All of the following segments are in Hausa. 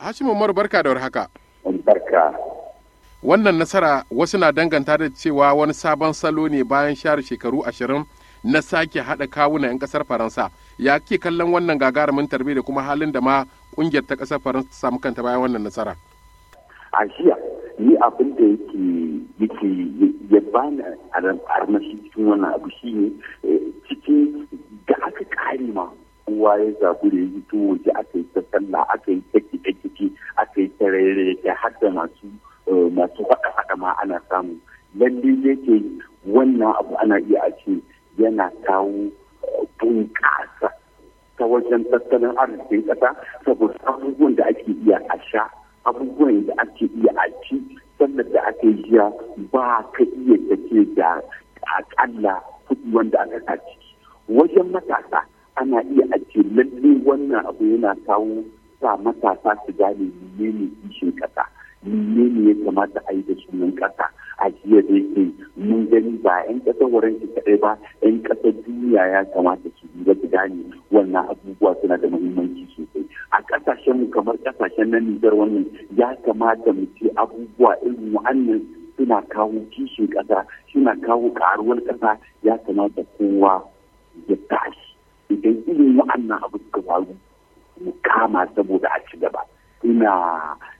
Hashimu Umaru barka da warhaka. Barka. Wannan nasara wasu na danganta da cewa wani sabon salo ne bayan share shekaru ashirin na sake haɗa kawuna 'yan ƙasar Faransa. Ya ke kallon wannan gagarumin tarbe da kuma halin da ma ƙungiyar ta ƙasar Faransa ta samu kanta bayan wannan nasara? ajiya ni abin da yake yake ya bani armashi cikin wannan abu shi ne eh, cikin da aka ma kowa ya zagure yi to waje aka yi ta sallah aka yi ta kiɗe-kiɗe aka yi ta raye har da masu eh, masu faɗa-faɗa ma ana samu lalle ke wannan abu ana iya a ce yana kawo eh, bunƙasa ta wajen tattalin arzikin ƙasa saboda abubuwan da ake iya a sha abubuwan da ake iya a ci sannan da ake jiya ba ka iya tafiya da akalla kuɗi wanda aka kaci ciki wajen matasa ana iya ajiye lalle wannan abu yana kawo sa matasa su gane menene kishin kasa menene ya kamata a yi da sunan kasa a jiya da yake mun gani ba 'yan ƙasar waranci kaɗai ba 'yan ƙasar duniya ya kamata su lura su gane wannan abubuwa suna da muhimmanci sosai a mu kamar ƙasashen na nijar wannan ya kamata mu ce abubuwa irin wannan suna kawo kishin kasa suna kawo karuwar ƙasa ya kamata kowa ya tashi idan irin wa'annan abu suka faru mu kama saboda a ci gaba ina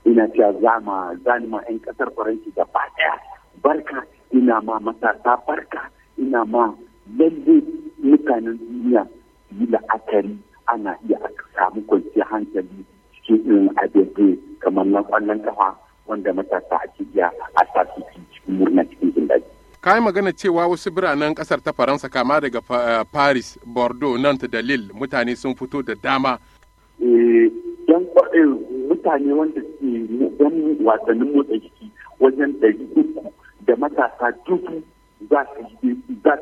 ina cewa zama zanima 'yan kasar faransi da ba daya barka ina ma matasa barka ina ma lalle mutanen duniya yi la'akari ana iya samu kwanciyar hankali cikin irin abin kamar na kwallon kafa wanda matasa a cikiya a sa cikin murnar ka yi magana cewa wasu biranen kasar ta faransa kama daga eh, paris bordeaux nantes da lille mutane sun fito da dama eh, don eh, mutane wanda ke don wasannin motsa jiki wajen ɗari uku da matasa dubu za su je da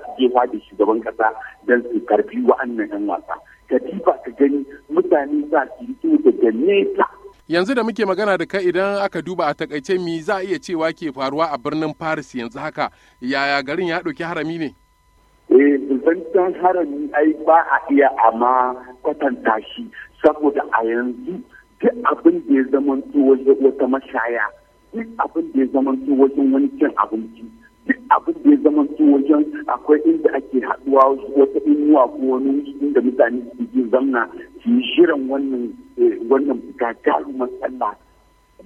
shugaban kasa don su karbi wa'annan yan wasa katifa ka gani mutane za su yi daga nesa yanzu da muke magana da kai idan aka duba a takaice mi za a iya cewa ke faruwa a birnin paris yanzu haka yaya garin ya ɗauki harami ne eh zancen harami ai ba a iya amma kwatanta shi saboda a yanzu duk abin da ya zama wata mashaya duk abin da ya zama wajen wani cin abinci duk abin da ya zama wajen akwai inda ake haɗuwa wata inuwa ko wani inda mutane su zamna su yi shirin wannan Eh, wannan jaruman Allah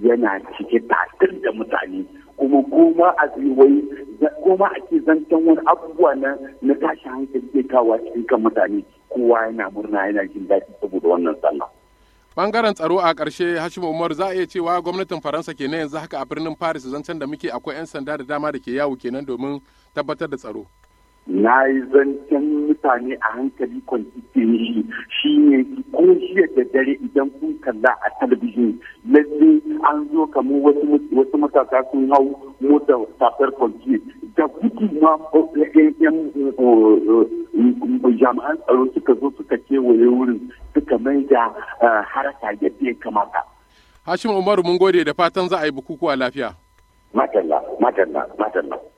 yana cike tatar da mutane kuma koma a wai a ke zancen wani abubuwa na na tashi hankali zai kawo cikin kan mutane kowa yana murna yana jin daɗi saboda wannan sallah. Bangaren tsaro a ƙarshe Hashim Umar za a iya cewa gwamnatin Faransa ke na yanzu haka a birnin Paris zancen da muke akwai 'yan sanda da dama da ke yawo kenan domin tabbatar da tsaro. na yi zancen mutane a hankali kwanci shi shi ne ko jiya da dare idan kun kalla a talabijin lalle an zo kamar wasu matasa sun hau mota safar kwanci da kuki ma eh, yan eh, jami'an tsaro suka zo suka kewaye wurin suka mai da eh, haraka yadda ya kamata. Hashim Umaru mun gode da fatan za a yi bukukuwa lafiya. Matalla, matalla, matalla.